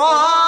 啊。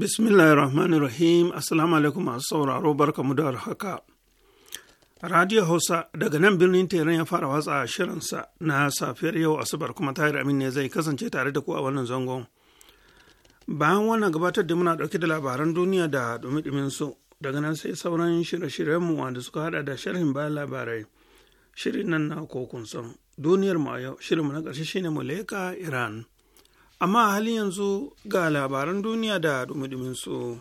Bismillahir Rahmanir Rahim, Assalamu alaikum masu sauraro barka mu da haka. Radio Hausa daga nan birnin Teran ya fara watsa shirinsa na safiyar yau Asabar kuma Tahir Amin ne zai kasance tare da ku a wannan zangon. Bayan wannan gabatar da muna ɗauke da labaran duniya da dumi su daga nan sai sauran shirye-shiryenmu wanda suka hada da sharhin bayan labarai. Shirin nan na kokun san duniyar mu a yau, shirinmu na ƙarshe shine Muleka Iran. amma a halin yanzu ga labaran duniya da dumudiminsu.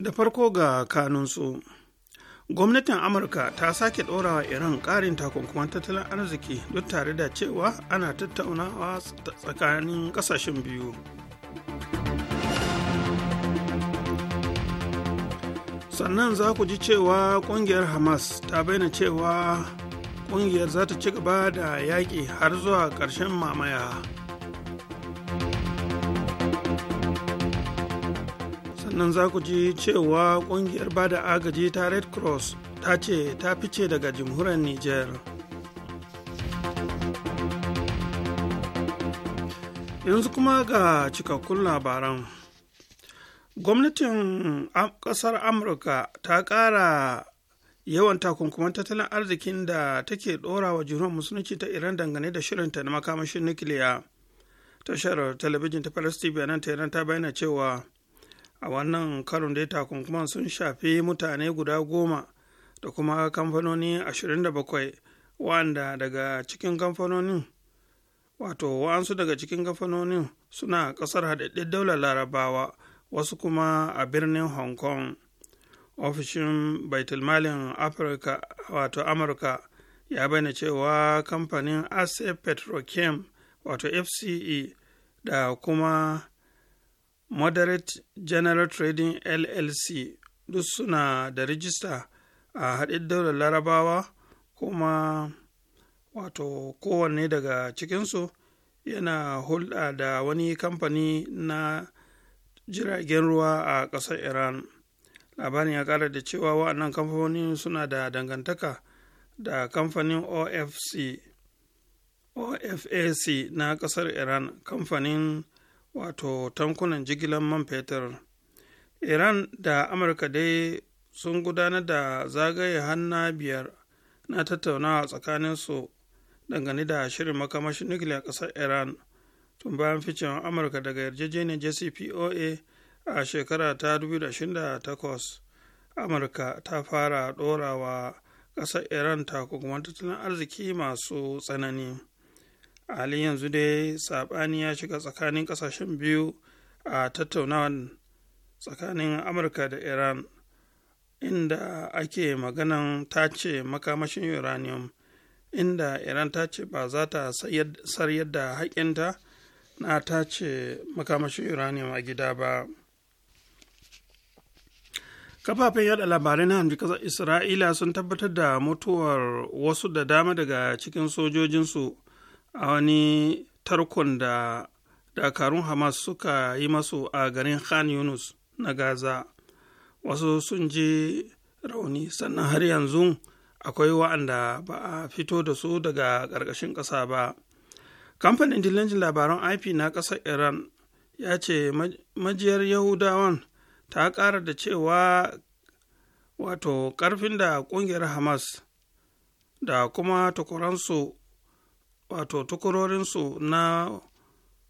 da farko ga kanunsu gwamnatin amurka ta sake ɗorawa iran ƙarin takunkuman tattalin arziki duk tare da cewa ana tattaunawa tsakanin ƙasashen biyu sannan za ku ji cewa kungiyar hamas ta bayyana cewa kungiyar za ta ci gaba da yaƙi har zuwa ƙarshen mamaya sannan za ku ji cewa kungiyar bada agaji ta red cross ta ce ta fice daga jimhuriyar niger yanzu kuma ga cikakkun labaran gwamnatin kasar amurka ta kara yawan takunkuman tattalin arzikin da take dora wa jiruwar musulunci ta iran dangane da shirinta na makamashin nukiliya tashar talabijin ta paris tv nan ta iran ta bayyana cewa a wannan karon dai takunkuman sun shafi mutane guda goma da kuma kamfanoni 27 wanda daga cikin kamfanonin wato wa'ansu daga cikin kamfanonin suna kasar haɗaɗɗen daular larabawa wasu kuma a birnin hong kong ofishin baitulmalin afirka wato amurka ya bayyana cewa kamfanin ace petrochem wato fce da kuma moderate general trading llc duk suna da rijista a haɗin daular larabawa kuma wato kowanne daga cikinsu yana hulɗa da wani kamfani na jiragen ruwa a ƙasar iran labarin ya ƙara da cewa wa'annan kamfanonin suna da dangantaka da kamfanin ofc ofac na ƙasar iran kamfanin wato tankunan jigilar man fetur iran da amurka dai sun gudanar da zagaye hanna biyar na tattaunawa tsakaninsu dangane da shirin makamashin nukiliya ƙasar iran tun bayan ficin amurka daga yarjejeniyar jcpoa a shekara ta 2028 amurka ta fara ɗorawa ƙasar iran takunkuman tattalin arziki masu tsanani a halin yanzu dai sabani ya shiga tsakanin ƙasashen biyu a tattaunawa tsakanin amurka da iran inda ake maganan tace makamashin uranium inda iran ta ce ba za ta sayar da haƙinta na tace makamashin uranium a gida ba kafafen yada labarai na hamji kasar isra'ila sun tabbatar da mutuwar wasu da dama daga cikin sojojinsu a wani tarkon da dakarun hamas suka yi masu a garin khan yunus na gaza wasu sun ji rauni sannan har yanzu akwai wa'anda ba a fito da su daga ƙarƙashin ƙasa ba kamfanin dillancin labaran ip na ƙasar iran ya ce majiyar yahudawan ta ƙara da cewa wato ƙarfin da ƙungiyar hamas da kuma tukuransu wato tukurorinsu na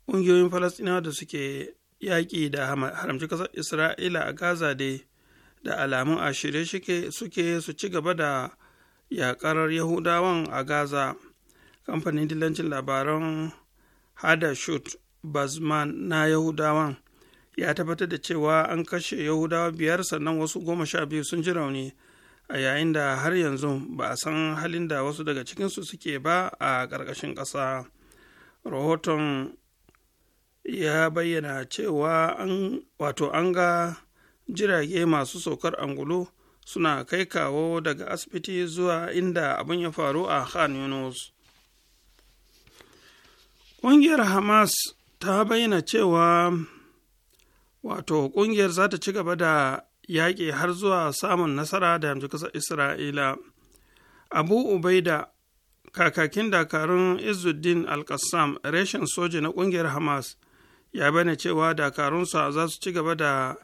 ƙungiyoyin falasɗinawa da suke yaƙi da haramci ƙasar isra'ila a gaza dai da alamun a suke su ci gaba da yaƙarar yahudawan a gaza kamfanin dillancin labaran hadashut bazman na yahudawan ya tabbatar da cewa an kashe yahudawa biyar sannan wasu goma sha biyu sun ji rauni a yayin da har yanzu ba a san halin da wasu daga cikinsu suke ba a ƙarƙashin ƙasa rahoton ya bayyana cewa wato an ga jirage masu saukar angulu suna kai kawo daga asibiti zuwa inda abin ya faru a khan yunus ƙungiyar hamas ta bayyana cewa wato ƙungiyar za ta ci gaba da yaƙi har zuwa samun nasara da yamci kasar isra'ila abu ubaida kakakin dakarun izuddin al-qassam reshen soja na ƙungiyar hamas ya bayyana cewa dakarunsa za su ci gaba da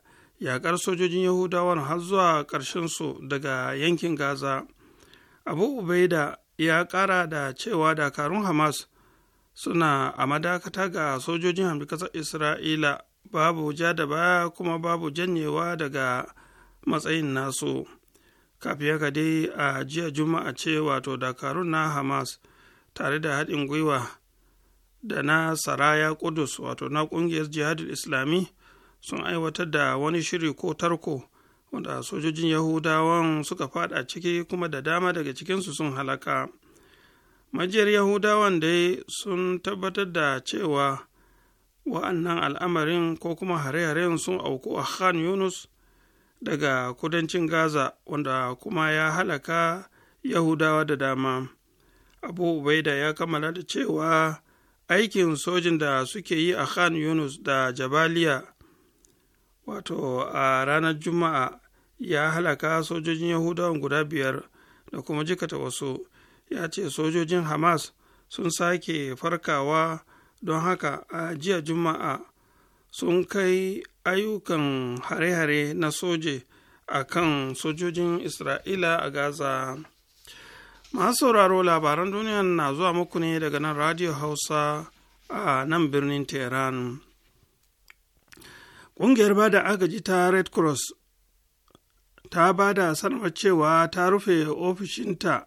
yaƙar sojojin yahudawan har zuwa ƙarshensu daga yankin gaza abu ubaida ya ƙara da cewa dakarun hamas suna a madakata ga sojojin hamdi kasar isra'ila babu ja da ba kuma babu janyewa daga matsayin nasu Kafiya haka dai a jiya juma'a ce wato dakarun na hamas tare da haɗin gwiwa da na saraya kudus wato na ƙungiyar jihadin islami sun aiwatar da wani shiri ko tarko wanda sojojin yahudawan suka fada ciki kuma da dama daga cikinsu sun halaka majiyar yahudawan dai sun tabbatar da cewa wa'annan al'amarin ko kuma hare-haren sun auku a khan yunus daga kudancin gaza wanda kuma ya halaka yahudawa da dama abu ubaida ya kammala da cewa aikin sojin da suke yi a khan yunus da jabaliya wato a ranar juma'a ya halaka sojojin yahudawan guda biyar da kuma jikata wasu ya ce sojojin hamas sun sake farkawa don haka a jiya juma'a sun kai ayyukan hare-hare na soje a kan sojojin isra'ila a gaza masu sauraro labaran duniya na zuwa muku ne daga nan radio hausa a nan birnin tehran ƙungiyar bada agaji ta red cross ta ba da sanarwar cewa ta rufe ofishinta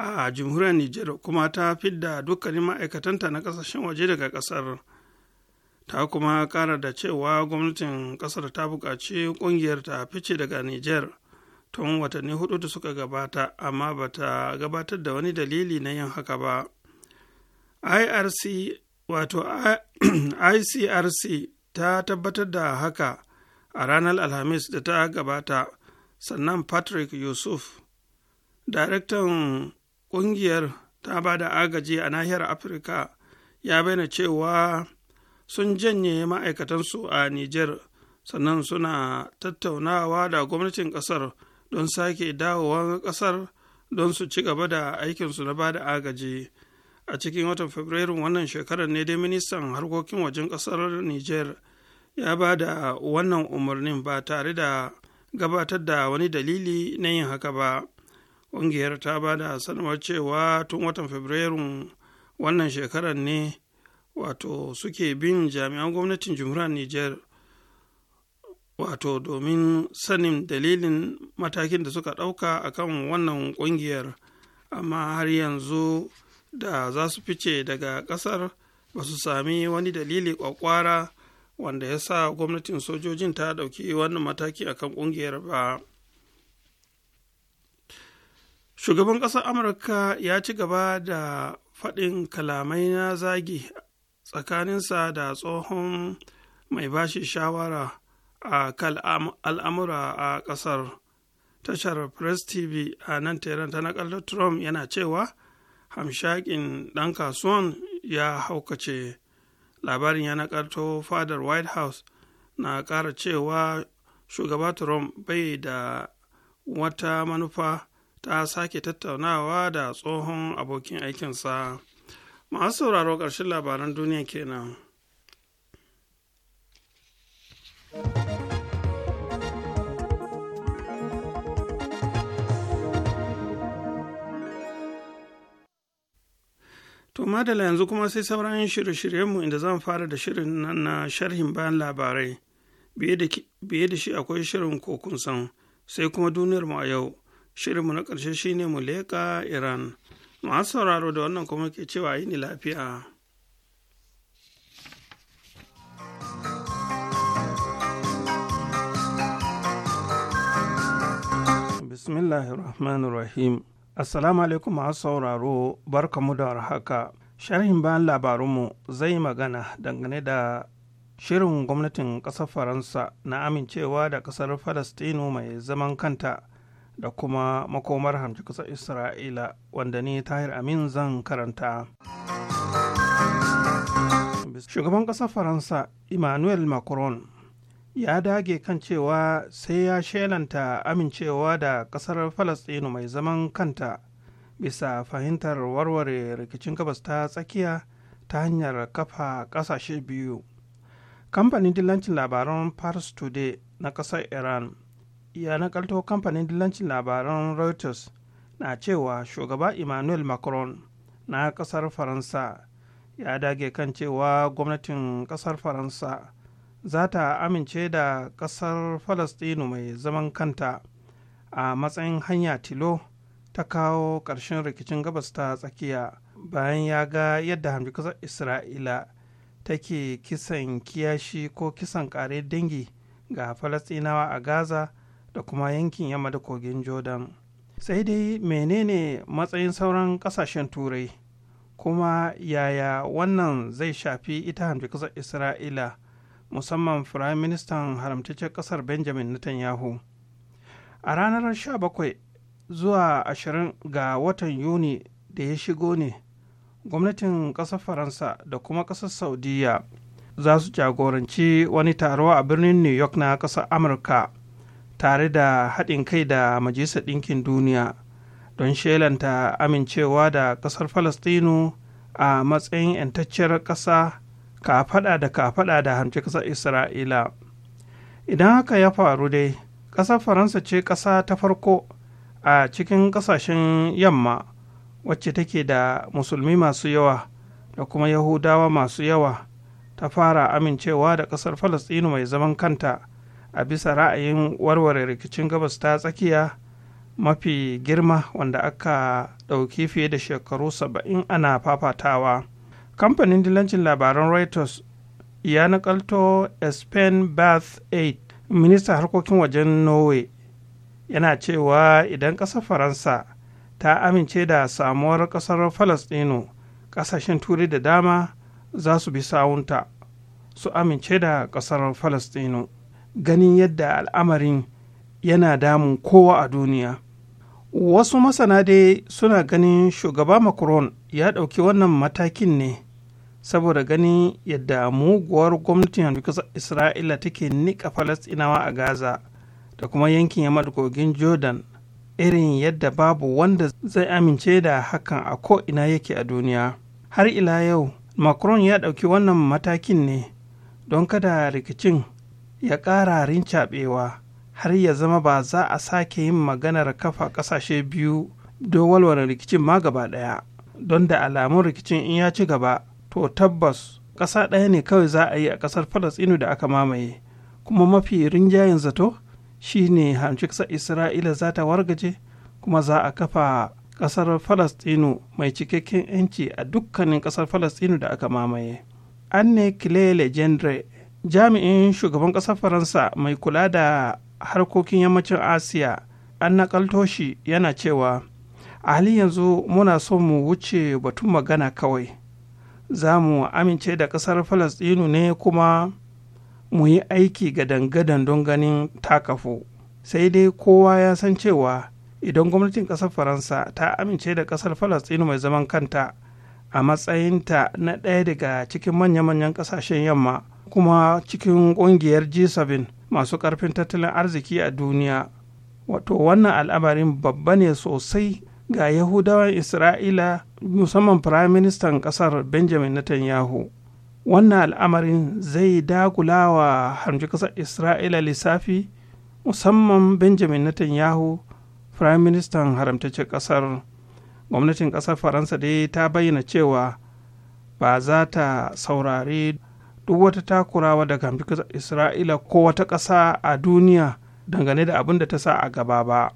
a jamhuriyar Nijar kuma ta fidda dukkanin ma'aikatanta na kasashen waje daga ƙasar ta kuma kara da cewa gwamnatin ƙasar ta buƙaci ƙungiyar ta fice daga Nijar tun watanni hudu da suka gabata amma ba ta gabatar da wani dalili na yin haka ba irc wato icrc ta tabbatar da haka a ranar alhamis da ta gabata sannan patrick yusuf daraktan ƙungiyar ta ba da agaji a nahiyar afirka ya bayyana cewa sun janye ma'aikatansu a niger sannan suna tattaunawa da gwamnatin ƙasar don sake dawowar ƙasar don su ci gaba da aikinsu na ba da agaji a cikin watan fabrairun wannan shekarar ne dai ministan harkokin wajen ƙasar niger ya ba da wannan umarnin ba tare da gabatar da wani dalili na yin haka ba ƙungiyar ta ba da sanarwar cewa tun watan fabrairun wannan shekarar ne wato suke bin jami'an gwamnatin jumhuriyar niger wato domin sanin dalilin matakin da suka ɗauka akan wannan ƙungiyar amma har yanzu da za su fice daga ƙasar ba su sami wani dalili ƙwaƙwara wanda ya sa gwamnatin sojojin ta ɗauki wannan mataki akan ƙungiyar ba shugaban ƙasar amurka ya ci gaba da faɗin kalamai na zagi tsakaninsa da tsohon mai bashi shawara a kan al'amura a ƙasar tashar press tv a nan teran ta na trump yana cewa hamshakin ɗan kasuwan ya haukace labarin ya nakarto fadar white house na ƙara cewa shugaba trump bai da wata manufa ta sake tattaunawa da tsohon abokin aikinsa masu sauraro ƙarshen labaran duniya kenan. To madala yanzu kuma sai sauran shirye-shiryenmu inda zan fara da shirin nan na sharhin bayan labarai, biye da shi akwai shirin kokunsan, sai kuma duniyarmu a yau. shirinmu na ƙarshe shine mu leƙa iran masu sauraro da wannan kuma ke cewa yi ni lafiya bismillahirrahmanirrahim assalamu alaikum masu sauraro barkamu da warhaka sharhin bayan labarunmu zai magana dangane da shirin gwamnatin ƙasar faransa na amincewa da ƙasar falastinu mai zaman kanta da kuma makomar hamci kusa isra'ila wanda ni tahir amin zan karanta shugaban ƙasar faransa emmanuel macron ya dage kan cewa sai ya shelanta amincewa da ƙasar falasɗinu mai zaman kanta bisa fahimtar warware rikicin gabas ta tsakiya ta hanyar kafa ƙasashe biyu kamfanin dillancin labaran pars today na ƙasar iran ya nakalto kamfanin dillancin labaran reuters na cewa shugaba emmanuel macron na kasar faransa ya dage kan cewa gwamnatin kasar faransa za ta amince da kasar falastinu mai zaman kanta a matsayin hanya tilo ta kawo ƙarshen rikicin gabas ta tsakiya bayan ya ga yadda hamdi isra'ila take kisan kiyashi ko kisan ƙare dangi ga falastinawa a gaza da kuma yankin yamma da kogin jordan sai dai menene matsayin sauran kasashen turai kuma yaya wannan zai shafi ita hamji kasar isra'ila musamman firayim ministan haramtaccen kasar benjamin netanyahu a ranar 17 zuwa 20 ga watan yuni da ya shigo ne gwamnatin kasar faransa da kuma kasar saudiya za su jagoranci wani taro a birnin new york na kasar amurka tare da haɗin kai da majalisar ɗinkin duniya don shelanta amincewa da ƙasar falastinu a matsayin 'yantacciyar ƙasa ka faɗa da ka faɗa da hamci ƙasar isra'ila idan haka ya faru dai ƙasar faransa ce ƙasa ta farko a cikin ƙasashen yamma wacce take da musulmi masu yawa da kuma yahudawa masu yawa ta fara amincewa da ƙasar falastinu mai zaman kanta a bisa ra'ayin warware rikicin gabas ta tsakiya mafi girma wanda aka ɗauki fiye da shekaru saba'in ana fafatawa kamfanin dilancin labaran reuters ya nakalto spain bath 8 Minista harkokin wajen norway yana cewa idan ƙasar faransa ta amince da samuwar ƙasar falastino ƙasashen turai da dama za su bi sawunta su amince da ƙasar falastino ganin yadda al'amarin yana damun kowa a duniya wasu masana dai suna ganin shugaba macron ya ɗauki wannan matakin ne saboda ganin yadda muguwar gwamnatin isra'ila take nika falastinawa a gaza da kuma yankin yamma kogin jordan irin yadda babu wanda zai amince da hakan a ko'ina yake a duniya har ila yau macron ya ɗauki wannan matakin ne don kada rikicin ya ƙara rincaɓewa har ya zama ba za a sake yin maganar kafa ƙasashe biyu don walwala rikicin ma gaba ɗaya don da alamun rikicin in ya ci gaba to tabbas ƙasa ɗaya ne kawai za a yi a ƙasar Falastinu da aka mamaye kuma mafi rinjayen zato shine hamshiksa isra'ila za ta wargaje kuma za a kafa ƙasar falastinu mai cikakken 'yanci a dukkanin ƙasar falastinu da aka mamaye anne kilele gendre jami'in shugaban ƙasar faransa mai kula da harkokin yammacin asiya an nakalto shi yana cewa a halin yanzu muna so mu wuce batun magana kawai za mu amince da ƙasar falastinu ne kuma mu yi aiki ga gadan don ganin takafu sai dai kowa ya san cewa idan gwamnatin ƙasar faransa ta amince da ƙasar falastinu mai zaman kanta a matsayinta na ɗaya daga cikin manya-manyan ƙasashen yamma kuma cikin ƙungiyar G7 masu ƙarfin tattalin arziki a duniya. Wato wannan al'amarin babba ne sosai ga Yahudawan Isra'ila musamman Firaministan ƙasar Benjamin Netanyahu. Wannan al'amarin zai dakula wa ƙasar Isra'ila lissafi musamman Benjamin Netanyahu Firaministan Haramtace ƙasar. Gwamnatin ƙasar Faransa dai ta bayyana cewa ba za ta saurari duk wata takurawa daga bikin isra'ila ko wata ƙasa a duniya dangane da abin da ta sa a gaba ba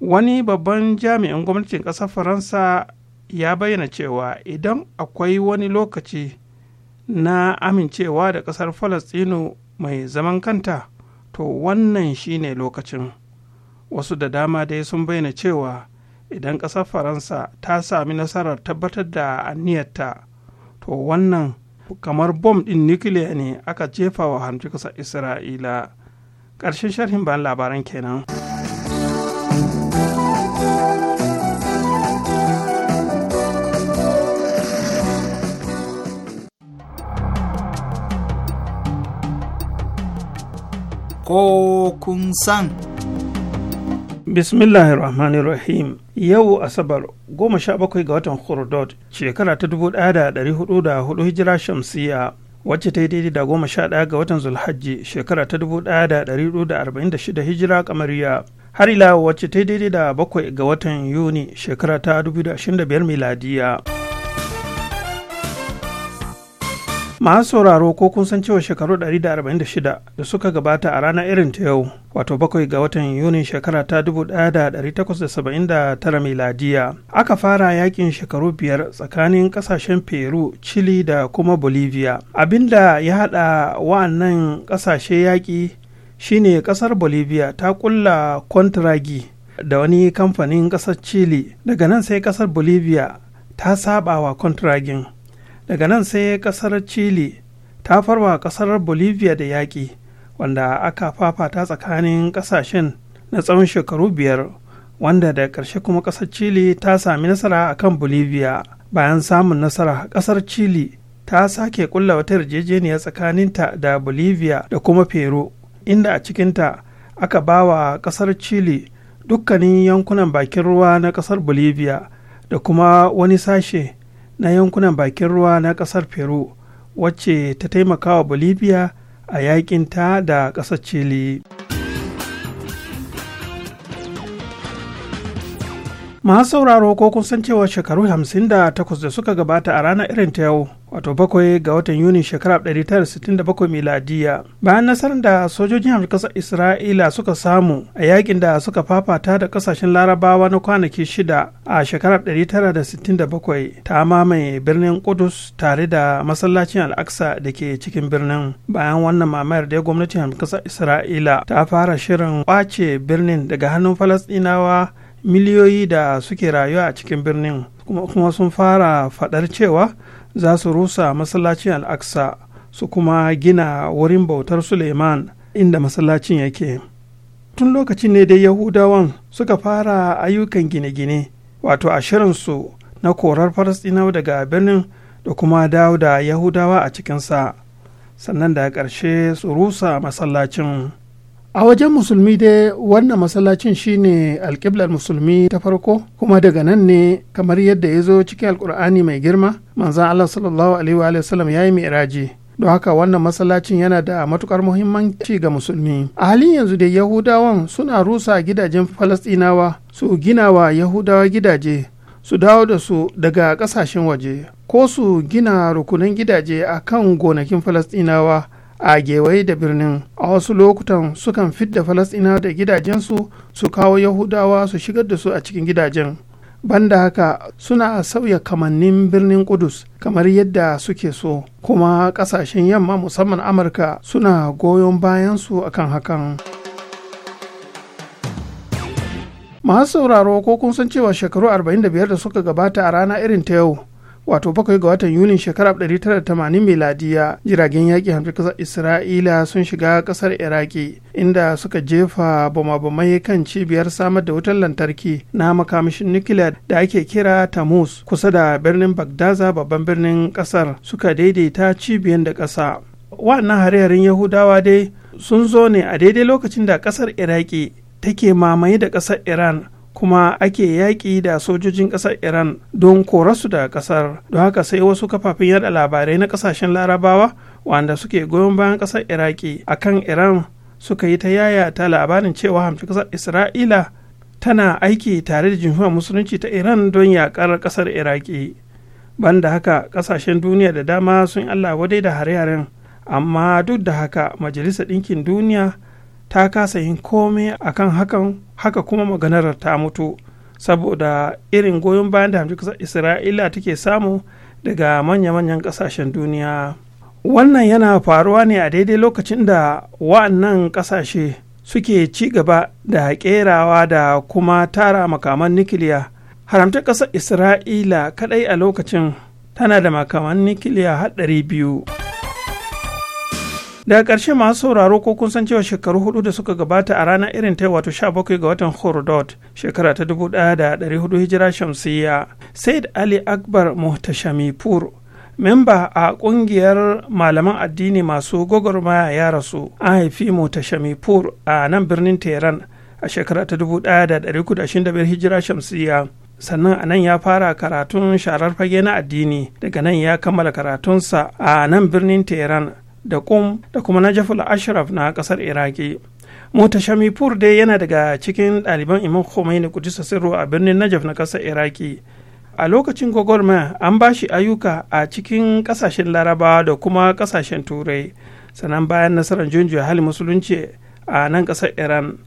wani babban jami'in gwamnatin ƙasar faransa ya bayyana cewa idan akwai wani lokaci na amincewa da ƙasar falastino mai zaman kanta to wannan shine lokacin wasu da dama dai sun bayyana cewa idan ƙasar faransa ta sami nasarar tabbatar da aniyarta to wannan kamar bom ɗin nukiliya ne aka jefa wa hamci kusa isra'ila ƙarshen sharhin ban labaran kenan. ko kun san. Bismillahirrahmanirrahim. yau asabar 17 ga watan hurdod shekara ta 1404 hijira shamsiya wacce ta yi daidai da 11 ga watan zulhajji shekara ta 1446 hijira kamariya har ila wacce ta yi daidai da 7 ga watan yuni shekara ta 2025 miladiya. masu sauraro ko kun san cewa shekaru 146 da suka gabata a ranar irin ta yau wato bakwai ga watan yuni shekara ta 1879 miladiya aka fara yakin shekaru biyar tsakanin kasashen peru chile da kuma bolivia abinda ya hada wa'annan kasashe yaki shine kasar bolivia ta kulla kontragi da wani kamfanin kasar chile daga nan sai kasar bolivia ta saba wa kontragin daga nan sai kasar chile ta farwa kasar bolivia da yaƙi wanda aka fafata tsakanin ƙasashen na tsawon shekaru biyar wanda da ƙarshe kuma ƙasar chile ta sami nasara a kan bolivia bayan samun nasara ƙasar chile ta sake kulla wata yarjejeniya tsakaninta da bolivia da kuma peru inda a cikinta aka bawa wa ƙasar chile dukkanin yankunan bakin ruwa na ƙasar bolivia da kuma wani sashe na yankunan bakin ruwa na kasar peru wacce ta taimaka wa bolivia a yakinta da ƙasar chile masu sauraro ko kun san cewa shekaru 58 da suka gabata a ranar irin ta yau wato bakwai ga watan yuni shekara 1967 miladiya bayan nasarar da sojojin kasar isra'ila suka samu a yakin da suka fafata da kasashen larabawa na kwanaki shida a shekarar 1967 ta mamaye birnin kudus tare da masallacin al'aksa da ke cikin birnin bayan wannan mamayar da ya gwamnatin hamsar isra'ila ta fara shirin kwace birnin daga hannun falasɗinawa miliyoyi da suke rayuwa a cikin birnin kuma sun fara faɗar cewa za su rusa masallacin al'aksa su kuma gina wurin bautar suleiman inda masallacin yake tun lokacin ne dai yahudawan suka fara ayyukan gine-gine wato a na korar falasɗinawa daga birnin da kuma dawo da yahudawa a cikinsa sannan da ƙarshe su rusa masallacin a wajen musulmi dai wannan masallacin shine alƙiblar musulmi ta farko kuma daga nan ne kamar yadda ya zo cikin Alƙur'ani mai girma manzan allah sallallahu alaihi wa sallam ya yi mi'raji don haka wannan masallacin yana da matukar muhimmanci ga musulmi a halin yanzu da yahudawan suna rusa gidajen falastinawa su gina wa yahudawa gidaje su dawo da su daga ƙasashen waje ko su gina rukunan gidaje a kan gonakin falastinawa a gewaye da birnin a wasu lokutan sukan fidda falasina da gidajensu su kawo yahudawa su shigar da su a cikin gidajen banda haka suna sauya kamannin birnin kudus kamar yadda suke so kuma kasashen yamma musamman amurka suna goyon bayansu akan hakan masu sauraro ko kun san cewa shekaru 45 da suka gabata a rana irin ta yau wato bakwai ga watan Yunin shekara 1980 miladiya jiragen yaƙi hamsi Kasar isra'ila sun shiga ƙasar iraki inda suka jefa bama-bamai kan cibiyar samar da wutar lantarki na makamashin nukiliya da ake kira tamus kusa da birnin bagdaza babban birnin ƙasar suka daidaita cibiyar da ƙasa wannan hare-haren yahudawa dai sun zo ne a daidai lokacin da ƙasar iraki take mamaye da ƙasar iran kuma ake yaƙi da sojojin ƙasar iran don korarsu da ƙasar don haka sai wasu kafafen yada labarai na ƙasashen larabawa wanda suke goyon bayan ƙasar iraki akan iran suka yi ta yaya ta labarin cewa hamshi ƙasar isra'ila tana aiki tare da jimhuriyar musulunci ta iran don yaƙar ƙasar iraki banda haka ƙasashen duniya da dama sun allah wadai da hare-haren amma duk da haka majalisar ɗinkin duniya ta kasa yin komai kan hakan haka kuma maganar ta mutu saboda irin goyon bayan da hamshi isra'ila take samu daga manya-manyan kasashen duniya wannan yana faruwa ne a daidai lokacin da wa'annan kasashe suke ci gaba da kerawa da kuma tara makaman nikiliya haramta ƙasar isra'ila kadai a lokacin tana da makaman nikiliya har biyu. daga ƙarshe masu sauraro ko kun san cewa shekaru hudu da suka gabata a ranar irin ta wato 17 ga watan hordod shekara ta 1400 hijira shamsiyya said ali akbar pur memba a ƙungiyar malaman addini masu gwagwarmaya ya rasu an haifi pur a nan birnin tehran a shekara ta 1925 hijira shamsiyya sannan a nan ya fara karatun sharar fage na addini daga nan ya kammala karatunsa a nan birnin tehran da kum da kuma najaful ashraf na kasar iraki shamipur dai yana daga cikin ɗaliban imam khomeini kudisa sirru a birnin najaf na kasar iraki a lokacin gwagwarmaya an ba shi ayyuka a cikin kasashen larabawa da kuma kasashen turai sannan bayan nasarar junjiya hali musulunci a nan kasar iran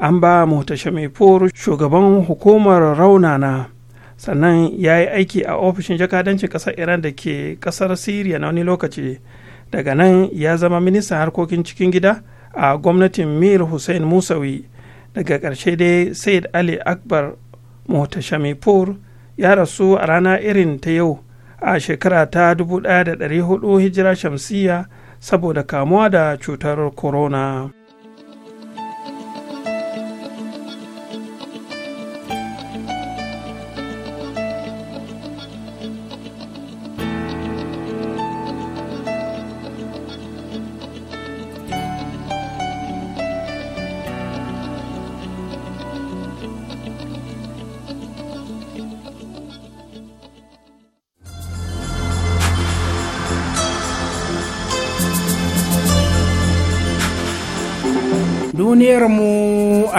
an ba mota shamipur shugaban hukumar raunana sannan ya yi aiki a ofishin jakadancin kasar iran da ke kasar siriya na wani lokaci daga nan ya zama ministan harkokin cikin gida a gwamnatin mir hussein musawi daga ƙarshe dai said ali akbar muhtashamipur ya rasu a rana irin ta yau a shekara ta 1400 hijira Shamsiyya saboda kamuwa da cutar corona.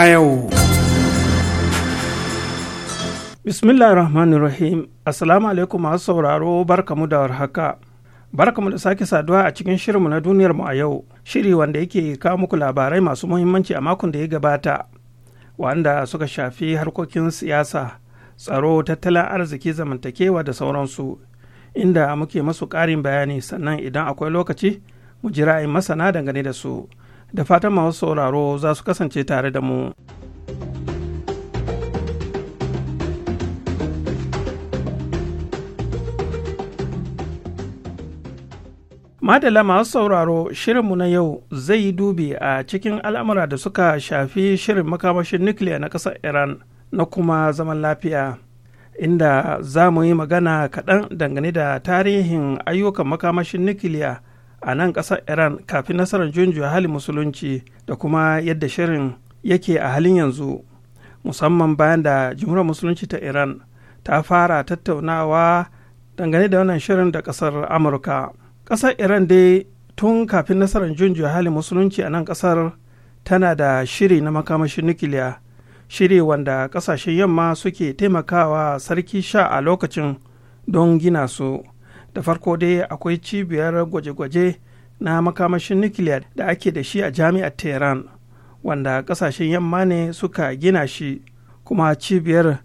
yau. Bismillahirrahmanirrahim. Assalamu alaikum masu sauraro barkamu da warhaka. Barkamu da sake saduwa a cikin shirinmu na duniyar mu a yau, shiri wanda yake kawo muku labarai masu muhimmanci a makon da ya gabata, wanda suka shafi harkokin siyasa, tsaro, tattalin arziki, zamantakewa da sauransu, inda muke masu ƙarin bayani sannan idan akwai lokaci, mu jira ra'ayin masana dangane da su. da fatan masu sauraro za su kasance tare da mu. Madala masu sauraro shirinmu na yau zai yi dubi a cikin al'amura da suka shafi shirin makamashin nukiliya na ƙasar Iran na kuma zaman lafiya, inda za mu yi magana kaɗan dangane da tarihin ayyukan makamashin nukiliya a nan ƙasar iran kafin nasarar junjuya hali musulunci da kuma yadda shirin yake a halin yanzu musamman bayan da jimurar musulunci ta iran ta fara tattaunawa dangane da wannan shirin da ƙasar amurka ƙasar iran dai tun kafin nasarar junjuya hali musulunci a nan ƙasar tana da shiri na makamashin nukiliya shiri wanda ƙasashen yamma suke taimakawa sarki sha a lokacin don gina su da farko dai akwai cibiyar gwaje-gwaje na makamashin nukiliya da ake da shi a jami'ar tehran wanda kasashen yamma ne suka gina shi kuma cibiyar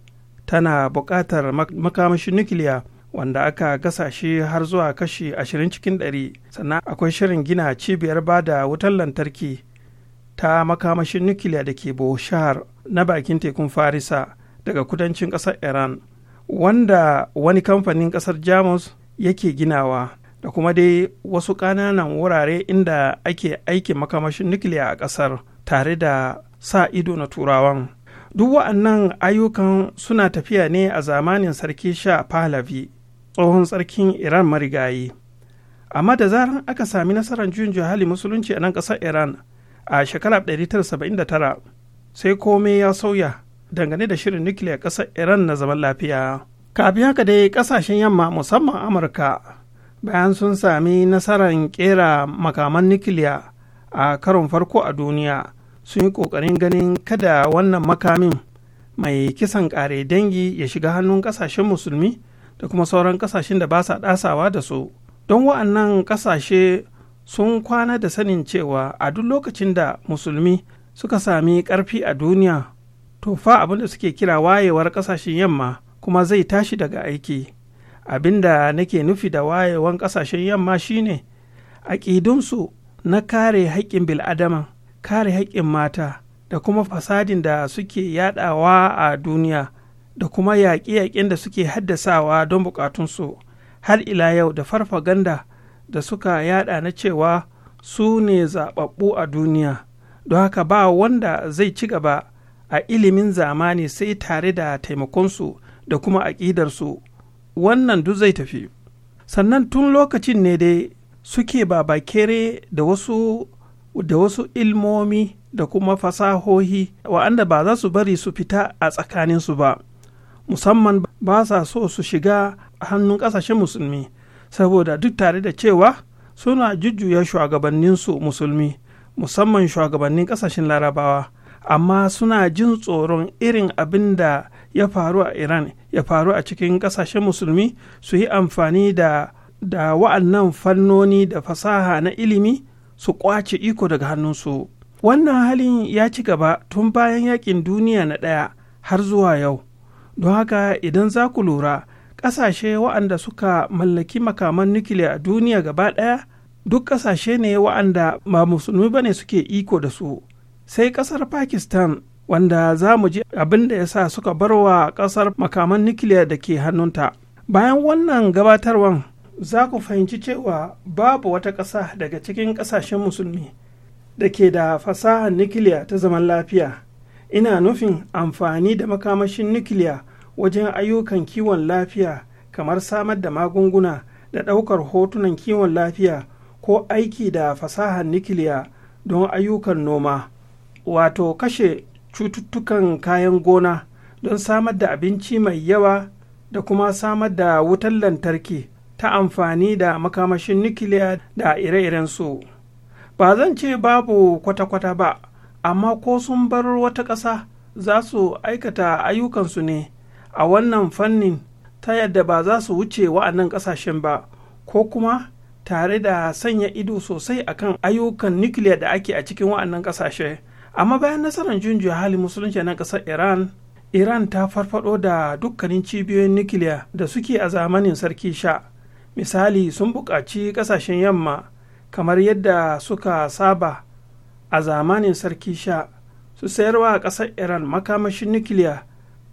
tana buƙatar makamashin nukiliya wanda aka gasa shi har zuwa kashi 20 cikin 100 sannan akwai shirin gina cibiyar bada wutar lantarki ta makamashin nukiliya da ke boshar na bakin tekun farisa daga kudancin ƙasar iran wanda wani kamfanin ƙasar jamus yake ginawa da kuma dai wasu ƙananan wurare inda ake aikin makamashin nukiliya a ƙasar tare da sa ido na turawan duk wa'annan ayyukan suna tafiya ne a zamanin sarki sha pahlavi tsohon sarkin iran marigayi amma da zaran aka sami nasarar juyin juhali musulunci a nan ƙasar iran a shekarar 1979 sai komai ya sauya dangane da shirin nukiliya ƙasar iran na zaman lafiya kafin haka dai kasashen yamma musamman amurka bayan sun sami nasarar kera makaman nukiliya a karon farko a duniya sun yi ƙoƙarin ganin kada wannan makamin mai kisan ƙare dangi ya shiga hannun ƙasashen musulmi da kuma sauran ƙasashen da ba sa ɗasawa da su don wa'annan ƙasashe sun kwana da sanin cewa a duk lokacin da musulmi suka sami ƙarfi a duniya to fa abin da suke kira wayewar ƙasashen yamma kuma zai tashi daga aiki abinda nake nufi da wayewan ƙasashen yamma shine aƙidunsu na kare haƙƙin bil'adama kare haƙƙin mata da kuma fasadin da suke yadawa a duniya da kuma yaƙi-yaƙin da suke haddasawa don buƙatunsu har ila yau da farfaganda da suka yada na cewa su ne zaɓaɓɓu a duniya don haka ba wanda zai ci gaba a ilimin zamani sai tare da taimakonsu da kuma aƙidarsu wannan duk zai tafi sannan tun lokacin ne dai suke babakere da wasu da wasu ilmomi da kuma fasahohi wa'anda ba za su bari su fita a tsakaninsu ba musamman ba sa so su shiga a hannun ƙasashen musulmi saboda duk tare da cewa suna jujjuya shugabanninsu musulmi musamman shugabannin ƙasashen larabawa amma suna jin tsoron irin abin da ya faru a iran ya faru a cikin kasashen musulmi su yi amfani da da wa'annan fannoni da fasaha na ilimi su kwace iko daga hannunsu wannan halin ya ci gaba tun bayan yakin duniya na ɗaya har zuwa yau don haka idan za ku lura ƙasashe wa'anda suka mallaki makaman nukiliya a duniya gaba ɗaya duk ƙasashe ne wa'anda ba musulmi ba ne suke iko da su sai ƙasar pakistan wanda za mu ji abin da ya sa suka bar wa ƙasar makaman nukiliya da ke hannunta bayan wannan gabatarwan za ku fahimci cewa babu wata ƙasa daga cikin ƙasashen musulmi da ke da fasahar nukiliya ta zaman lafiya ina nufin amfani da makamashin nukiliya wajen ayyukan kiwon lafiya kamar samar da magunguna da ɗaukar hotunan kiwon lafiya ko aiki da fasahar nukiliya don ayyukan noma wato kashe cututtukan kayan gona don samar da abinci mai yawa da kuma samar da wutar lantarki ta amfani da makamashin nukiliya da ire iren su. ba zan ce babu kwata-kwata ba amma ko sun bar wata ƙasa za su aikata ayyukansu ne a wannan fannin ta yadda ba za su wuce wa'annan ƙasashen ba ko kuma tare da sanya ido sosai akan ayyukan nukiliya da ake a cikin wa'annan ƙasashe amma bayan nasarar junjiya hali musulunci na kasar iran iran ta farfado da dukkanin cibiyoyin nukiliya da suke a zamanin sarki sha misali sun buƙaci ƙasashen yamma kamar yadda suka saba a zamanin sarki sha su sayarwa a ƙasar iran makamashin nukiliya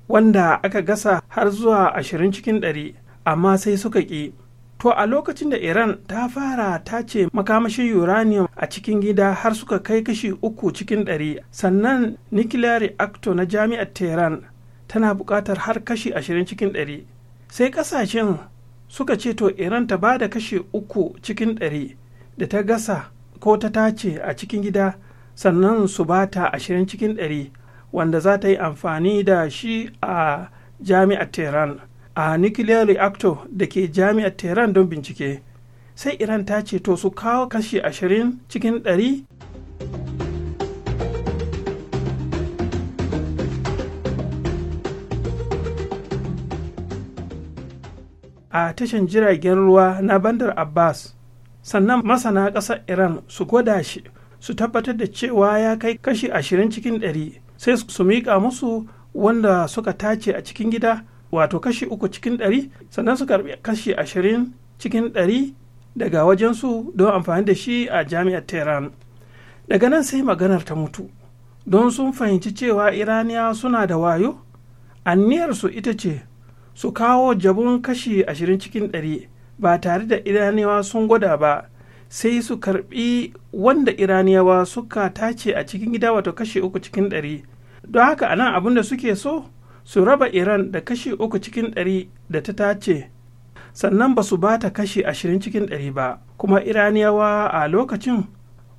wanda aka gasa har zuwa ashirin cikin ɗari amma sai suka ƙi To a lokacin da Iran ta fara ta ce makamashin uranium a cikin gida har suka kai kashi uku cikin ɗari sannan nuclear reactor na jami'ar Tehran tana buƙatar har kashi ashirin cikin ɗari. Sai ƙasashen suka ce to Iran ta ba da kashi uku cikin ɗari da ta gasa ko ta tace a cikin gida sannan su ba ta ashirin cikin ɗari wanda za ta yi amfani da shi a jami'ar Tehran. a nuclear reactor da ke jami'ar tehran don bincike sai iran ta ce to su kawo kashi 20 cikin 100 a tashan jiragen ruwa na bandar abbas sannan masana ƙasar iran su gwada shi su tabbatar da cewa ya kai kashi 20 cikin 100 sai su miƙa musu wanda suka tace a cikin gida wato kashi uku cikin ɗari sannan su karbi kashi ashirin cikin ɗari daga wajensu don amfani da shi a jami'ar tehran daga nan sai maganar ta mutu don sun fahimci cewa iraniya suna da wayo su ita ce su kawo jabun kashi ashirin cikin ɗari ba tare da iraniyawa sun gwada ba sai su karbi wanda iraniyawa suka tace a cikin gida wato kashi uku cikin ɗari don haka anan abin da suke so su raba iran da kashi uku cikin ɗari da ta tace sannan ba su ba ta kashi ashirin cikin ɗari ba kuma iraniyawa a lokacin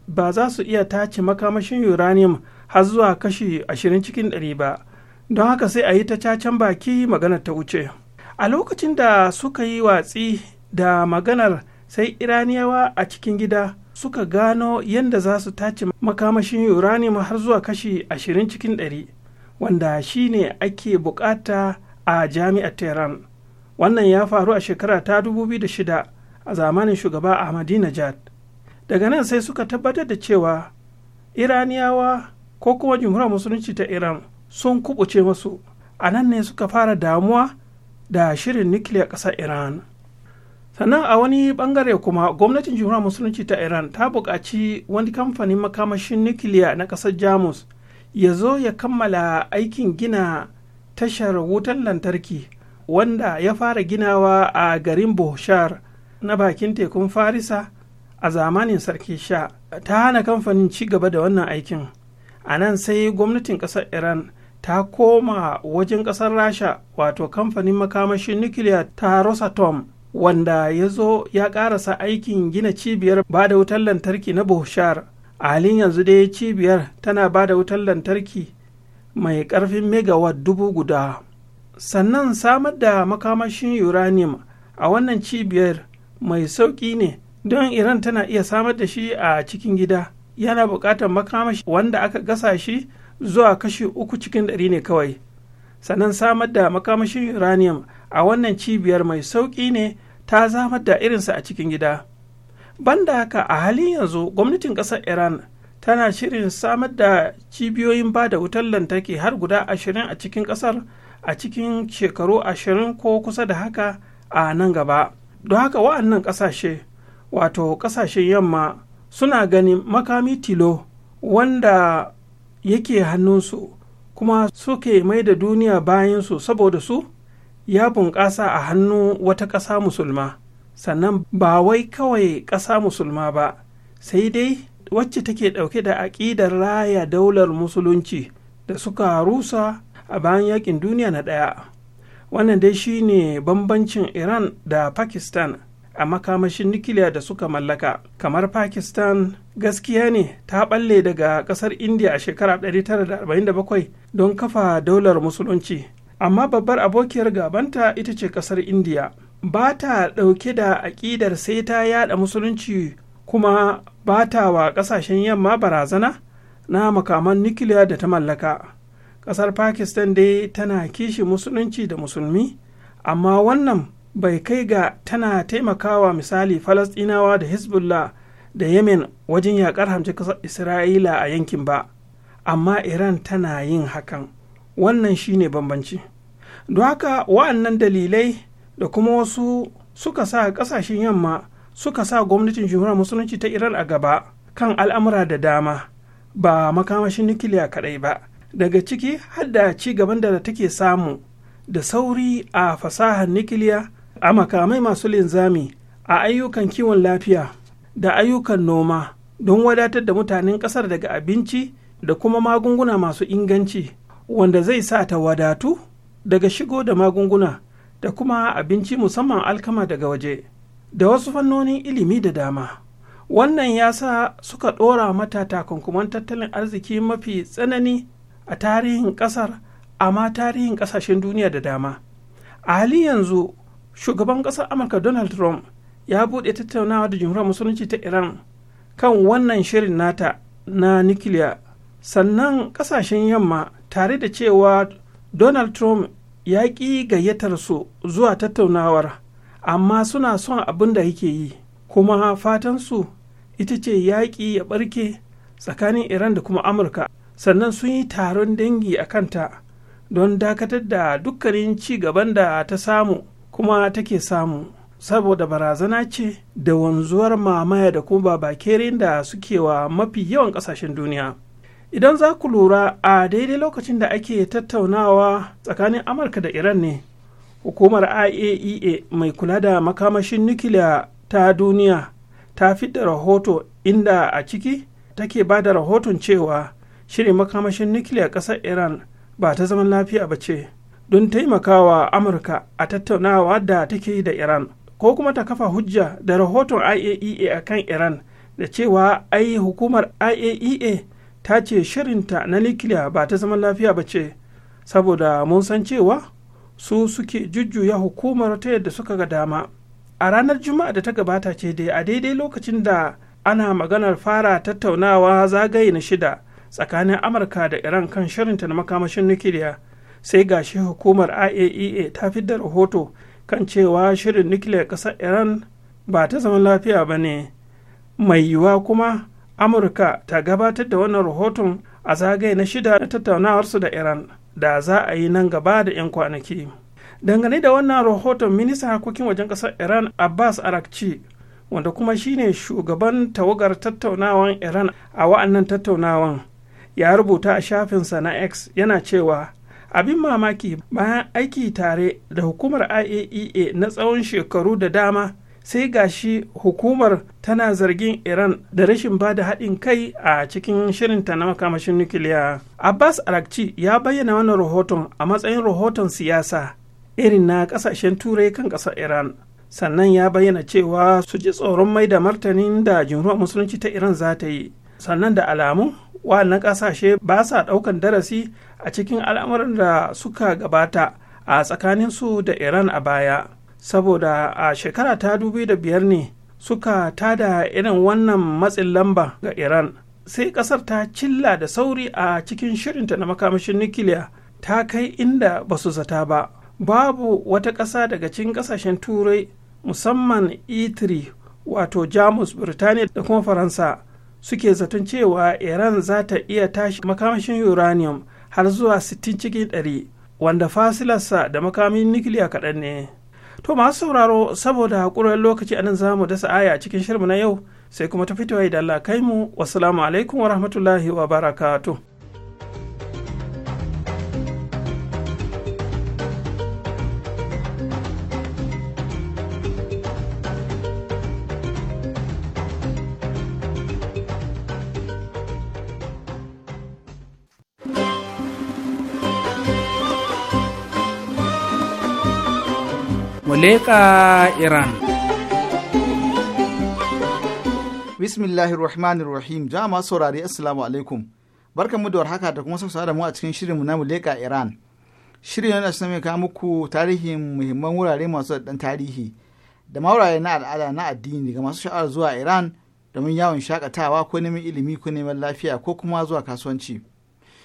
ba za su iya tace makamashin uranium har zuwa kashi ashirin cikin ɗari ba don haka sai a yi ta cacen baki maganar ta wuce a lokacin da suka yi watsi da maganar sai iraniyawa a cikin gida suka gano yadda za su tace makamashin uranium har zuwa kashi ashirin cikin ɗari wanda shi ne ake bukata a jami'ar tehran wannan ya faru a shekara ta 2006 a zamanin shugaba ahmadinejad daga nan sai suka tabbatar da cewa iraniyawa ko kuma jimhuriyar musulunci ta iran sun kubuce masu a nan ne suka fara damuwa da shirin nukiliya ƙasar iran sannan a wani bangare kuma gwamnatin jimhuriyar musulunci ta iran ta buƙaci wani kamfanin makamashin nukiliya na ƙasar jamus ya zo ya kammala aikin gina tashar wutan lantarki wanda ya fara ginawa a garin bohshar na bakin tekun farisa a zamanin sarki sha ta hana kamfanin ci gaba da wannan aikin a nan sai gwamnatin ƙasar iran ta koma wajen ƙasar rasha wato kamfanin makamashin nukiliya ta rosatom wanda ya zo ya ƙarasa aikin gina cibiyar ba da wutar lantarki na bohshar a halin yanzu dai cibiyar tana ba da wutar lantarki mai ƙarfin megawatt dubu guda sannan samar da makamashin uranium a wannan cibiyar mai sauƙi ne don iran tana iya samar da shi a cikin gida yana buƙatar makamashi wanda aka gasa shi zuwa kashi uku cikin ɗari ne kawai sannan samar da makamashin uranium a wannan cibiyar mai sauƙi ne ta zamar da irinsa a cikin gida banda haka a halin yanzu gwamnatin ƙasar iran tana shirin samar da cibiyoyin ba da wutar lantarki har guda ashirin a cikin ƙasar a cikin shekaru ashirin ko kusa da haka a nan gaba don haka wa'annan ƙasashe wato ƙasashen yamma suna ganin makami tilo wanda yake hannunsu kuma suke mai da duniya bayansu saboda su ya bunƙasa a hannu wata ƙasa musulma sannan ba wai kawai ƙasa musulma ba sai dai wacce take ɗauke da aƙidar raya daular musulunci da suka rusa a bayan yakin duniya na ɗaya wannan dai shine bambancin iran da pakistan a makamashin nukiliya da suka mallaka kamar pakistan gaskiya ne ta ɓalle daga ƙasar india a shekara 1947 don kafa daular musulunci amma babbar abokiyar gabanta ita ce ƙasar india ba ta ɗauke da aƙidar sai ta yada musulunci kuma ba ta wa ƙasashen yamma barazana na makaman nukiliya da ta mallaka ƙasar pakistan dai tana kishi musulunci da musulmi amma wannan bai kai ga tana taimakawa misali falastinawa da hezbollah da yemen wajen yaƙar hamci ƙasar isra'ila a yankin ba amma iran tana yin hakan wannan shine bambanci don haka wa'annan dalilai da kuma wasu suka sa kasashen yamma suka sa gwamnatin jumhuriyar musulunci ta iran a gaba kan al'amura da dama ba makamashin nukiliya kaɗai ba daga ciki har da ci gaban da take samu da sauri a fasahar nukiliya a makamai masu linzami a ayyukan kiwon lafiya da ayyukan noma don wadatar da mutanen ƙasar daga abinci da kuma magunguna masu inganci wanda zai sa ta wadatu daga shigo da magunguna da kuma abinci musamman alkama daga waje da wasu fannonin ilimi da dama wannan ya sa suka ɗora mata takunkuman tattalin arziki mafi tsanani a tarihin ƙasar amma tarihin ƙasashen duniya da dama a hali yanzu shugaban ƙasar amurka donald trump ya buɗe tattaunawa da jimhuriyar musulunci ta iran kan wannan shirin nata na nukiliya sannan ƙasashen yamma tare da cewa donald trump ya ƙi gayyatar su zuwa tattaunawar amma suna son abin da yake yi kuma fatan su ita ce yaƙi ya ɓarke tsakanin iran da kuma amurka sannan sun yi taron dangi a kanta don dakatar da dukkanin ci gaban da ta samu kuma take samu saboda barazana ce da wanzuwar mamaya da kuma babakerin da suke wa mafi yawan ƙasashen duniya idan za ku lura a daidai lokacin da ake tattaunawa tsakanin amurka da iran ne hukumar iaea e mai kula da makamashin nukiliya ta duniya ta fidda rahoto inda a ciki take ba da rahoton cewa shirin makamashin nukiliya ƙasar iran ba ta zaman lafiya ba ce don taimakawa amurka a tattaunawa da take da iran ko kuma ta kafa hujja da rahoton iaea akan iran da cewa ai hukumar iaea e ta ce shirinta na nukiliya ba ta zaman lafiya ba ce saboda mun san cewa su suke jujjuya hukumar ta yadda suka ga dama a ranar juma'a da ta gabata ce dai a daidai lokacin da ana maganar fara tattaunawa zagaye na shida tsakanin amurka da iran kan shirinta na makamashin nukiliya sai gashi hukumar iaea e ta fi da rahoto kan cewa shirin nukiliyar ƙasar iran ba ta zaman lafiya ba ne mai yiwuwa kuma amurka ta gabatar da wannan rahoton a zagaye na shida na tattaunawarsu da iran da za a yi nan gaba da 'yan kwanaki dangane da wannan rahoton ministan harkokin wajen ƙasar iran abbas arakci wanda kuma shine shugaban tawagar tattaunawan iran a wa'annan tattaunawan ya rubuta a shafinsa na x yana cewa abin mamaki bayan aiki tare da hukumar iaea e na tsawon shekaru da dama sai gashi hukumar tana zargin iran da rashin ba da haɗin kai a cikin shirinta na makamashin nukiliya abbas arakci ya bayyana wannan rahoton a matsayin rahoton siyasa irin na ƙasashen turai kan ƙasar iran sannan ya bayyana cewa su ji tsoron mai da martanin da jumhuriyar musulunci ta iran za ta yi sannan da alamu wa ƙasashe ba sa ɗaukan darasi a cikin al'amuran da suka gabata a tsakaninsu da iran a baya saboda a shekara ta dubi da biyar ne suka tada irin wannan matsin lamba ga iran sai kasar ta cilla da sauri a cikin shirinta na makamashin nukiliya ta kai inda ba su zata ba babu wata ƙasa daga cikin ƙasashen turai musamman itri e wato jamus birtaniya da kuma faransa suke zaton cewa iran za ta iya tashi makamashin uranium har zuwa 60 cikin 100 wanda fasilarsa da makamin nukiliya kaɗan ne to masu sauraro saboda haƙurar lokaci anan za mu dasa aya a cikin shirmu na yau sai kuma ta fitowa idan Allah kai mu wassalamu alaikum wa rahmatullahi wa barakatuh leka iran rahim jama'a saurari assalamu alaikum barkanmu da warhaka da kuma sassa da mu a cikin shirin namu leka iran shirin yana shi ka muku tarihin muhimman wurare masu da tarihi da maurare na al'ada na addini ga masu sha'awar zuwa iran domin yawon shakatawa ko neman ilimi ko neman lafiya ko kuma zuwa kasuwanci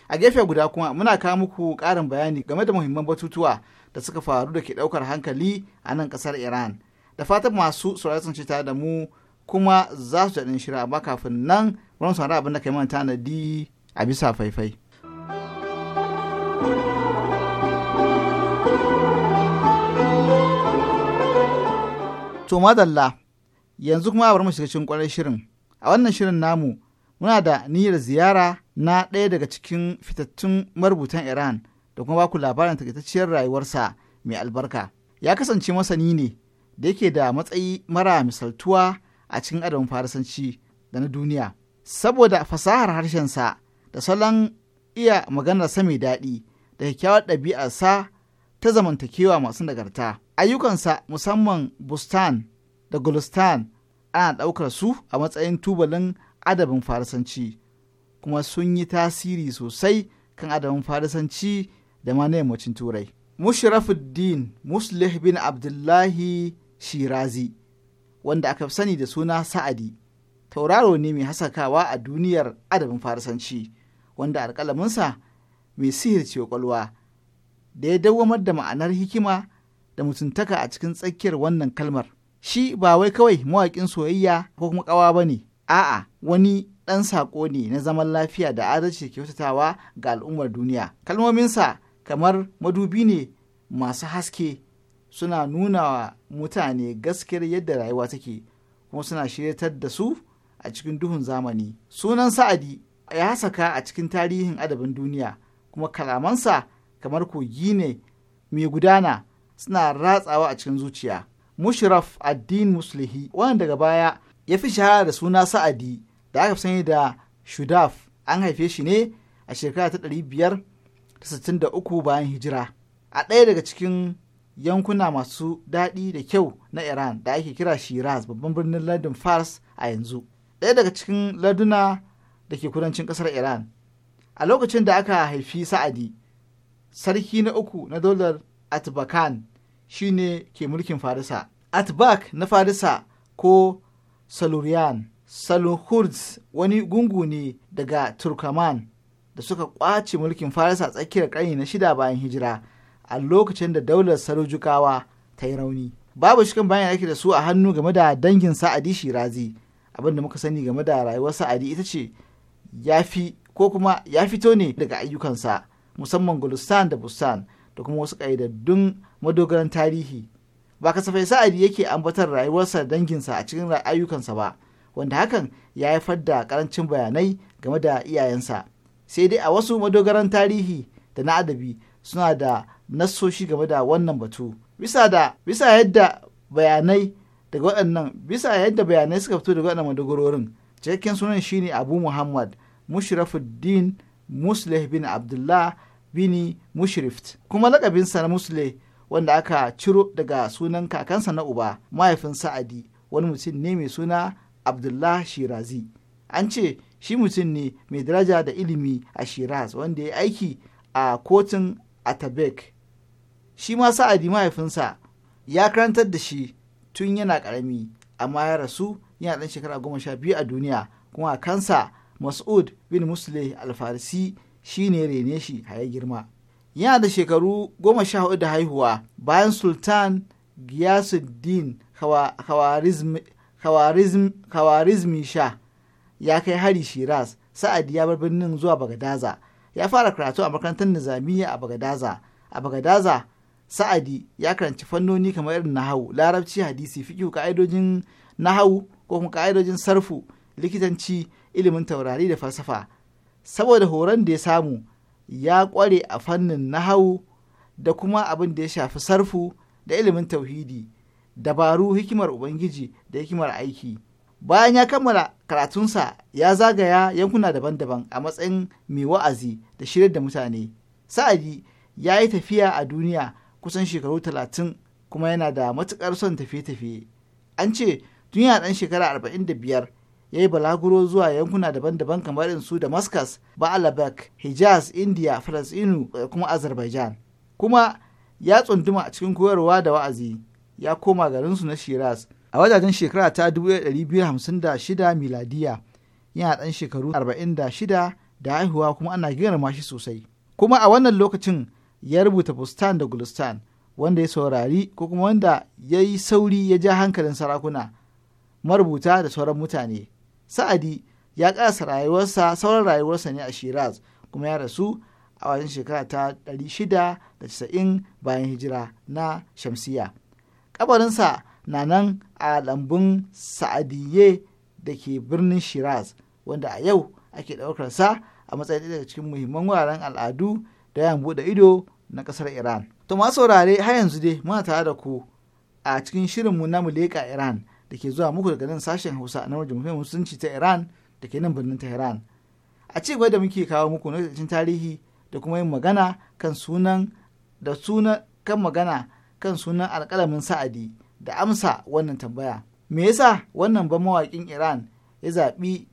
a gefe guda kuma muna kawo muku karin bayani game da muhimman batutuwa da suka faru da ke ɗaukar hankali a nan kasar Iran. Da fatan masu sun ci tare da mu kuma za su jaɗin shira amma kafin nan wani saurari abin da kai mana tanadi a bisa faifai. To madalla yanzu kuma bari mu shiga cikin kwarar shirin. A wannan shirin namu muna da niyyar ziyara na ɗaya daga cikin fitattun marubutan Iran da kuma baku labarin takaitacciyar rayuwarsa mai albarka. Ya kasance masani ne da yake da matsayi mara misaltuwa a cikin adabin farisanci da na duniya. Saboda fasahar harshensa da salon iya maganar sa mai daɗi da kyakkyawar ɗabi'arsa ta zamantakewa masu nagarta. Ayyukansa musamman Bustan da Gulistan ana ɗaukar su a matsayin tubalin adabin farisanci kuma sun yi tasiri sosai kan adabin farisanci da ma na yammacin turai mushrafuddin muslih bin abdullahi shirazi wanda aka sani da suna sa'adi tauraro ne mai hasakawa a duniyar adabin farisanci wanda alƙalaminsa mai ce kwakwalwa da ya dawamar da ma'anar hikima da mutuntaka a cikin tsakiyar wannan kalmar shi ba wai kawai mawaƙin soyayya ko kuma ƙawa ba ne a'a wani ɗan saƙo ne na zaman lafiya da adalci kyautatawa ga al'ummar duniya kalmominsa kamar madubi ne masu haske suna nuna wa mutane gaskiyar yadda rayuwa take kuma suna shiryatar da su a cikin duhun zamani sunan sa'adi ya saka a cikin tarihin adabin duniya kuma kalamansa kamar kogi ne mai gudana suna ratsawa a cikin zuciya mushraf addin muslihi wanda daga baya ya fi shahara da suna sa'adi da aka sani da shudaf an haife shi ne a shekara ta ɗari biyar ta 63 bayan hijira a ɗaya daga cikin yankuna masu daɗi da kyau na Iran da ake kira Shiraz babban birnin lardin Fars a yanzu. Ɗaya daga cikin laduna da ke kudancin ƙasar Iran. A lokacin da aka haifi Sa'adi, sarki na uku na dolar Atbakan shine ke mulkin Farisa. Atbak na Farisa ko Salurian, Saluhurz wani gungu ne daga Turkaman da suka kwace mulkin faris a tsakiyar ƙarni na shida bayan hijira a lokacin da daular sarujukawa ta yi rauni babu kan bayan ake da su a hannu game da dangin sa'adi shirazi abinda muka sani game da rayuwar sa'adi ita ce ya fi ko kuma ya fito ne daga ayyukansa musamman gulistan da bustan da kuma wasu ƙaidaddun madogaran tarihi ba kasafai sa'adi yake ambatar rayuwarsa da danginsa a cikin ayyukansa ba wanda hakan ya haifar da karancin bayanai game da iyayensa sai dai a wasu madogaran tarihi da na adabi suna da nasoshi game da wannan batu bisa da bisa yadda bayanai daga waɗannan bisa yadda bayanai suka fito daga waɗannan madogarorin cikakken sunan shine abu muhammad mushrafuddin musleh bin abdullah bini mushrift kuma lakabinsa na musleh wanda aka ciro daga sunan kakansa na uba mahaifin sa'adi wani mutum ne mai suna abdullah shirazi an ce shi mutum ne mai daraja da ilimi a shiraz wanda ya aiki a kotun atabek shi ma sa'adi mahaifinsa ya karantar da shi tun yana karami amma ya rasu yana dan shekara goma sha biyu a duniya kuma a kansa mas'ud bin musleh alfarisi shi ne rene shi ya girma yana da shekaru goma sha hudu da haihuwa bayan sultan giyasuddin kawarizmi sha ya kai hari shiraz sa'ad ya bar birnin zuwa bagadaza ya fara karatu a makarantar nizamiya a bagadaza a bagadaza sa'adi ya karanci fannoni kamar irin nahawu larabci hadisi fiqh ka'idojin nahawu ko kuma ka'idojin sarfu likitanci ilimin taurari da falsafa saboda horon da ya samu ya kware a fannin nahawu da kuma abin da ya shafi sarfu da ilimin tauhidi dabaru hikimar ubangiji da hikimar aiki bayan ya kammala karatunsa ya zagaya yankuna daban-daban a matsayin mai wa'azi da shirya da mutane sa'adi ya yi tafiya a duniya kusan shekaru talatin kuma yana da matuƙar son tafiye-tafiye an ce duniya ɗan shekara arba'in da biyar ya yi balaguro zuwa yankuna daban-daban kamar in su damascus ba'alabak hijaz india falasinu da kuma azerbaijan kuma ya tsunduma a cikin koyarwa da wa'azi ya koma garinsu na shiraz a wajajen shekara ta 1256 miladiya yana ɗan shekaru 46 da haihuwa kuma ana girma mashi sosai kuma a wannan lokacin ya rubuta bustan da gulistan wanda ya saurari ko kuma wanda ya yi sauri ya ja hankalin sarakuna marubuta da sauran mutane sa'adi ya ƙasa rayuwarsa sauran rayuwarsa ne a shiraz kuma ya rasu a wajen shekara ta 690 bayan hijira na shamsiya kabarinsa na nan a lambun sa'adiyye da ke birnin shiraz wanda a yau ake sa a matsayin daga cikin muhimman wuraren al'adu da yan buɗe ido na ƙasar iran to masu saurare har yanzu dai muna tare da ku a cikin shirinmu na muleka iran da ke zuwa muku daga nan sashen hausa na jamhuriyar musulunci ta iran da ke nan birnin tehran a ci da muke kawo muku na tarihi da kuma yin magana kan sunan da sunan kan magana kan sunan alƙalamin sa'adi da amsa wannan tambaya me yasa wannan ba mawaƙin iran ya zaɓi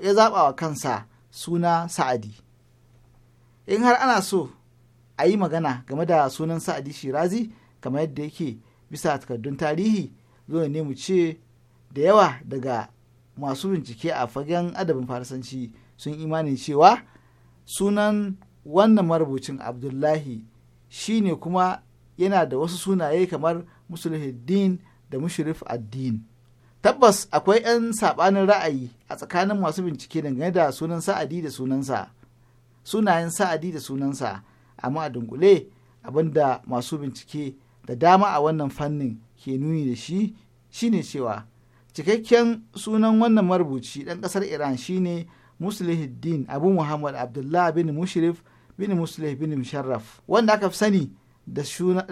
ya zaɓa wa kansa suna sa'adi in har ana so a yi magana game da sunan sa'adi shirazi kamar yadda yake bisa takardun tarihi zuwa ne mu ce da yawa daga masu bincike a fagen adabin farasanci sun imanin cewa sunan wannan marubucin abdullahi shine kuma yana da wasu sunaye kamar musulhuddin da mushrif addin tabbas akwai 'yan saɓanin ra'ayi a tsakanin masu bincike dangane da sunan sa'adi da sunansa sunayen sa'adi da sunansa amma a dunkule abinda masu bincike da dama a wannan fannin ke nuni da shi shine cewa cikakken sunan wannan marubuci ɗan ƙasar iran shine muslihuddin abu muhammad abdullah bin mushrif bin muslih bin musharraf wanda aka fi sani da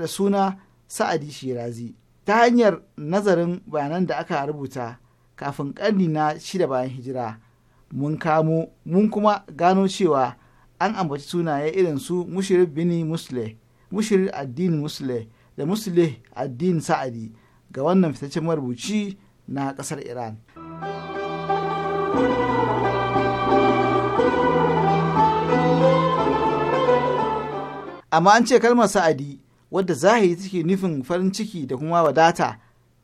suna sa'adi shirazi ta hanyar nazarin bayanan da aka rubuta kafin ƙarni na shida bayan hijira mun kamo mun kuma gano cewa an ambaci sunaye irin su mushir bini musle mushir addin musle da musle addin sa'adi ga wannan fitaccen marubuci na ƙasar iran amma an ce kalmar sa'adi wadda zahiri take nufin farin ciki da kuma wadata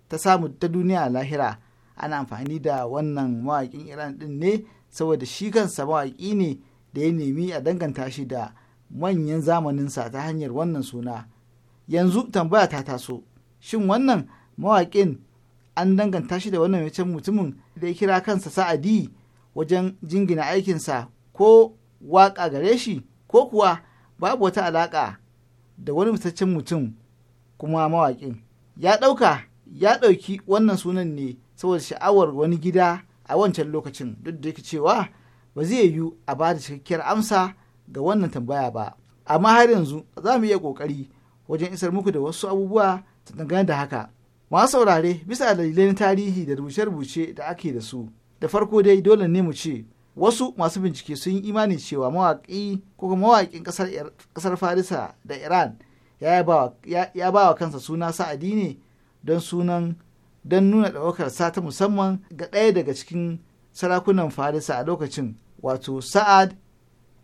ta samu ta duniya lahira ana amfani da wannan mawaƙin iran ɗin ne saboda shi kansa mawaƙi ne da ya nemi a danganta shi da manyan zamaninsa ta hanyar wannan suna yanzu tambaya ta taso shin wannan mawaƙin an danganta shi da wannan wancan mutumin da ya kira kansa sa'adi wajen jingina aikinsa ko waƙa gare shi ko kuwa babu wata alaƙa da wani mutaccen mutum kuma mawaƙin ya ɗauka ya ɗauki wannan sunan ne saboda sha'awar wani gida a wancan lokacin duk da yake cewa ba zai yiwu a ba da cikakkiyar amsa ga wannan tambaya ba amma har yanzu za mu iya ƙoƙari wajen isar muku da wasu abubuwa ta dangane da haka masu saurare bisa dalilai na tarihi da rubuce-rubuce da ake da su da farko dai dole ne mu ce wasu masu bincike sun yi imani cewa mawaƙi ko mawaƙin ƙasar farisa da iran ya ba wa kansa suna sa'adi ne don sunan don nuna sa ta musamman ga ɗaya daga cikin sarakunan farisa a lokacin wato sa'ad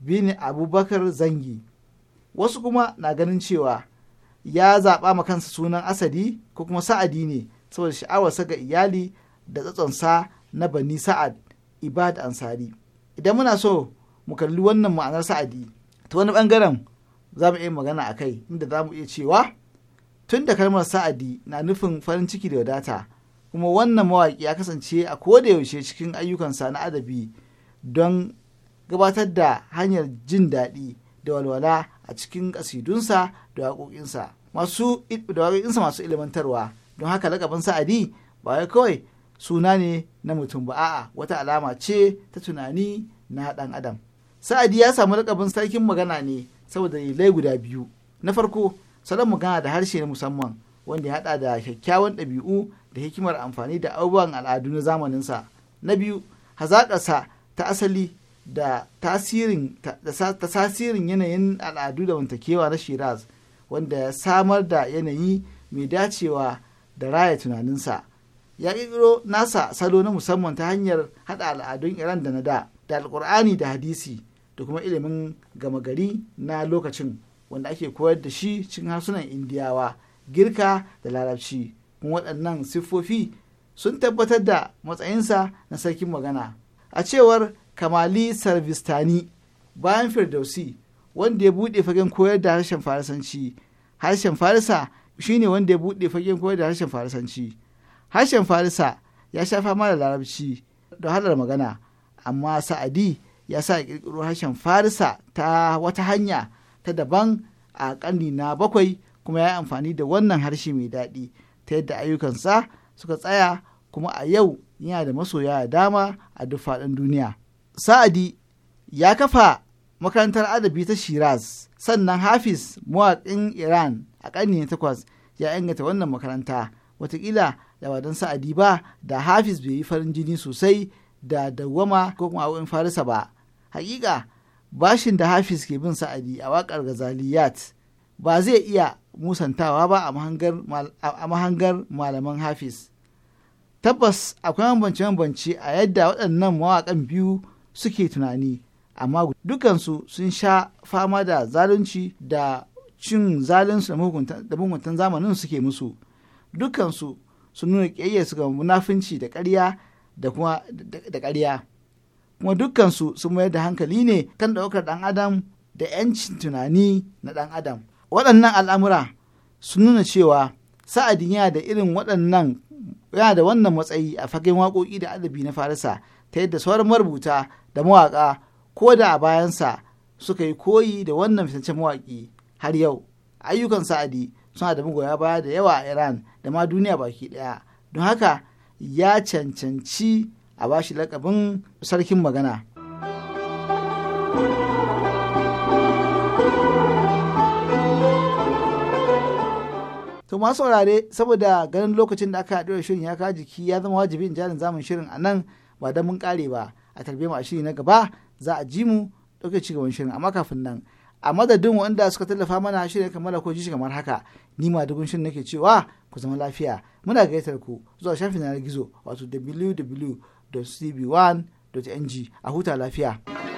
bin abubakar zangi wasu kuma na ganin cewa ya zaɓa ma kansa sunan asadi ko kuma sa'adi ne saboda sha'awarsa ga iyali da tsatsonsa na bani sa'ad ibad ansari idan muna so mu kalli wannan ma'anar sa'adi ta wani bangaren za mu iya magana a kai inda za mu iya cewa tun da kalmar sa'adi na nufin farin ciki da wadata kuma wannan mawaƙi ya kasance a kodayaushe cikin ayyukansa na adabi don gabatar da hanyar jin daɗi da walwala a cikin ƙasidunsa da waƙoƙinsa masu da waƙoƙinsa masu ilmantarwa don haka lakabin sa'adi ba kawai suna ne na mutum ba a'a wata alama ce ta tunani na ɗan adam sa'adi ya samu lakabin sarkin magana ne saboda dalilai guda biyu na farko salon magana da harshe na musamman wanda ya haɗa da kyakkyawan ɗabi'u da hikimar amfani da abubuwan al'adu na zamaninsa na biyu hazaƙarsa ta asali da tasirin tasirin yanayin al'adu da wantakewa na shiraz wanda ya samar da yanayi mai dacewa da raya tunaninsa ya ƙirƙiro nasa salo na musamman ta hanyar haɗa al'adun iran da na da da alƙur'ani da hadisi da kuma ilimin gama gari na lokacin wanda ake koyar da shi cikin harsunan indiyawa girka da larabci kuma waɗannan siffofi sun tabbatar da matsayinsa na sarkin magana a cewar kamali sarvistani bayan firdausi wanda ya buɗe fagen koyar da harshen farisanci harshen farisa shine wanda ya buɗe fagen koyar da harshen farisanci harshen farisa ya sha fama da larabci da hadar magana amma sa'adi ya sa kirkiro harshen farisa ta wata hanya ta daban a ƙarni na bakwai kuma ya yi amfani da wannan harshe mai daɗi ta yadda ayyukansa suka tsaya kuma a yau yana da masoya a dama a duk faɗin duniya sa'adi ya kafa makarantar adabi ta shiraz sannan hafiz mawaƙin iran a ƙarni na takwas ya inganta wannan makaranta watakila da sa'adi ba da hafiz bai yi farin jini sosai da dawwama ko kuma awon farisa ba hakika bashin da hafiz ke bin sa'adi a wakar gazaliyat ba zai iya musantawa ba a mahangar malaman hafiz tabbas akwai bambance-bambance a yadda waɗannan mawaƙan biyu suke tunani amma dukansu sun sha fama da zalunci da cin zalunsu da mugunta zamanin suke musu dukansu sun nuna ƙiyayyarsu ga munafinci da ƙarya da kuma da ƙarya kuma dukkansu sun mayar da hankali ne kan ɗaukar ɗan adam da 'yancin tunani na ɗan adam waɗannan al'amura sun nuna cewa sa'adin yana da irin waɗannan yana da wannan matsayi a fagen waƙoƙi da adabi na farisa ta yadda sauran marubuta da mawaƙa ko da a bayansa suka yi koyi da wannan fitaccen mawaƙi har yau ayyukan sa'adi suna da magoya baya da yawa a iran da ma duniya baki ɗaya don haka ya cancanci a bashi lakabin sarkin magana. to ma saurare saboda ganin lokacin da aka haɗu da shirin ya kawo jiki ya zama wajibi in jarin zamun shirin a nan ba da mun kare ba a tarbe mu a shiri na gaba za a ji mu ɗauke cigaban shirin amma kafin nan a madadin wanda suka tallafa mana shi ne kamar ko ji kamar haka ni ma dugun shirin nake cewa ku zama lafiya muna gaitar ku zuwa shafin yanar gizo wato www.cb1.ng a huta lafiya.